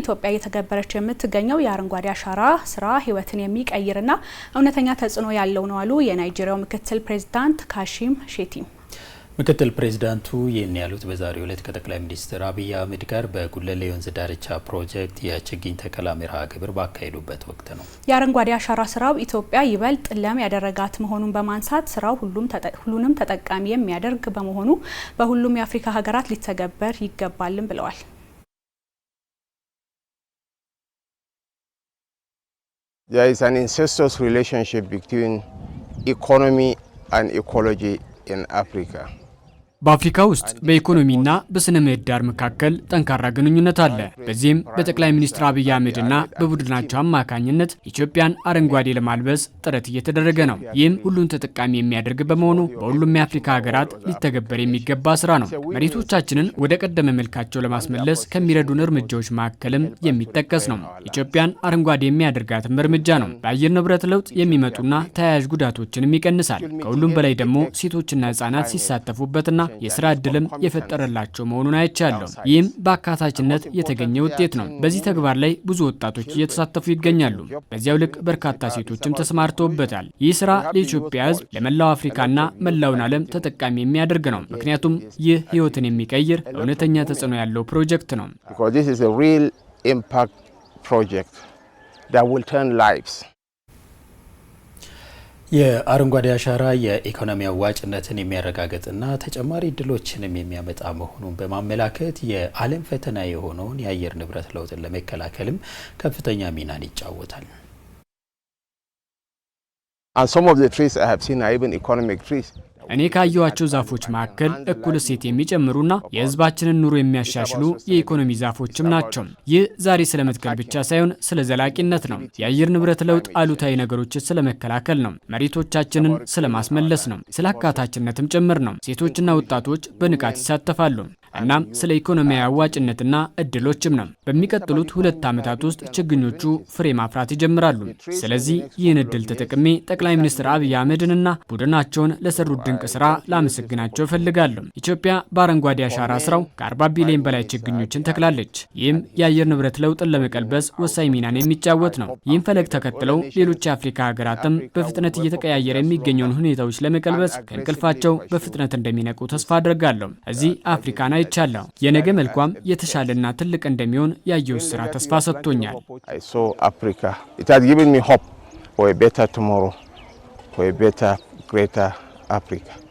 ኢትዮጵያ እየተገበረች የምትገኘው የአረንጓዴ አሻራ ስራ ህይወትን የሚቀይርና እውነተኛ ተጽዕኖ ያለው ነው አሉ የናይጄሪያው ምክትል ፕሬዚዳንት ካሺም ሼቲም። ምክትል ፕሬዚዳንቱ ይህን ያሉት በዛሬው ዕለት ከጠቅላይ ሚኒስትር አብይ አህመድ ጋር በጉለሌ የወንዝ ዳርቻ ፕሮጀክት የችግኝ ተከላ መርሃ ግብር ባካሄዱበት ወቅት ነው። የአረንጓዴ አሻራ ስራው ኢትዮጵያ ይበልጥ ለም ያደረጋት መሆኑን በማንሳት ስራው ሁሉንም ተጠቃሚ የሚያደርግ በመሆኑ በሁሉም የአፍሪካ ሀገራት ሊተገበር ይገባልም ብለዋል። There is an incestuous relationship between economy and ecology in Africa. በአፍሪካ ውስጥ በኢኮኖሚና በስነ ምህዳር መካከል ጠንካራ ግንኙነት አለ። በዚህም በጠቅላይ ሚኒስትር አብይ አህመድና በቡድናቸው አማካኝነት ኢትዮጵያን አረንጓዴ ለማልበስ ጥረት እየተደረገ ነው። ይህም ሁሉን ተጠቃሚ የሚያደርግ በመሆኑ በሁሉም የአፍሪካ ሀገራት ሊተገበር የሚገባ ስራ ነው። መሬቶቻችንን ወደ ቀደመ መልካቸው ለማስመለስ ከሚረዱን እርምጃዎች መካከልም የሚጠቀስ ነው። ኢትዮጵያን አረንጓዴ የሚያደርጋትም እርምጃ ነው። በአየር ንብረት ለውጥ የሚመጡና ተያያዥ ጉዳቶችንም ይቀንሳል። ከሁሉም በላይ ደግሞ ሴቶችና ህጻናት ሲሳተፉበትና የስራ እድልም የፈጠረላቸው መሆኑን አይቻለሁ። ይህም በአካታችነት የተገኘ ውጤት ነው። በዚህ ተግባር ላይ ብዙ ወጣቶች እየተሳተፉ ይገኛሉ። በዚያው ልክ በርካታ ሴቶችም ተሰማርተውበታል። ይህ ስራ ለኢትዮጵያ ሕዝብ፣ ለመላው አፍሪካና መላውን ዓለም ተጠቃሚ የሚያደርግ ነው። ምክንያቱም ይህ ህይወትን የሚቀይር እውነተኛ ተጽዕኖ ያለው ፕሮጀክት ነው። የአረንጓዴ አሻራ የኢኮኖሚ አዋጭነትን የሚያረጋግጥና ተጨማሪ እድሎችንም የሚያመጣ መሆኑን በማመላከት የዓለም ፈተና የሆነውን የአየር ንብረት ለውጥን ለመከላከልም ከፍተኛ ሚናን ይጫወታል። And some of the trees I have seen are even economic trees. እኔ ካየኋቸው ዛፎች መካከል እኩል እሴት የሚጨምሩና የህዝባችንን ኑሮ የሚያሻሽሉ የኢኮኖሚ ዛፎችም ናቸው። ይህ ዛሬ ስለ መትከል ብቻ ሳይሆን ስለ ዘላቂነት ነው። የአየር ንብረት ለውጥ አሉታዊ ነገሮችን ስለ መከላከል ነው። መሬቶቻችንን ስለ ማስመለስ ነው። ስለ አካታችነትም ጭምር ነው። ሴቶችና ወጣቶች በንቃት ይሳተፋሉ። እናም ስለ ኢኮኖሚያዊ አዋጭነትና እድሎችም ነው። በሚቀጥሉት ሁለት ዓመታት ውስጥ ችግኞቹ ፍሬ ማፍራት ይጀምራሉ። ስለዚህ ይህን እድል ተጠቅሜ ጠቅላይ ሚኒስትር አብይ አህመድንና ቡድናቸውን ለሰሩት ድንቅ ስራ ላመሰግናቸው እፈልጋለሁ። ኢትዮጵያ በአረንጓዴ አሻራ ስራው ከ40 ቢሊዮን በላይ ችግኞችን ተክላለች። ይህም የአየር ንብረት ለውጥን ለመቀልበስ ወሳኝ ሚናን የሚጫወት ነው። ይህን ፈለግ ተከትለው ሌሎች የአፍሪካ ሀገራትም በፍጥነት እየተቀያየረ የሚገኘውን ሁኔታዎች ለመቀልበስ ከእንቅልፋቸው በፍጥነት እንደሚነቁ ተስፋ አድርጋለሁ። እዚህ አፍሪካን አይቻለሁ። የነገ መልኳም የተሻለና ትልቅ እንደሚሆን ያየው ስራ ተስፋ ሰጥቶኛል። አፍሪካ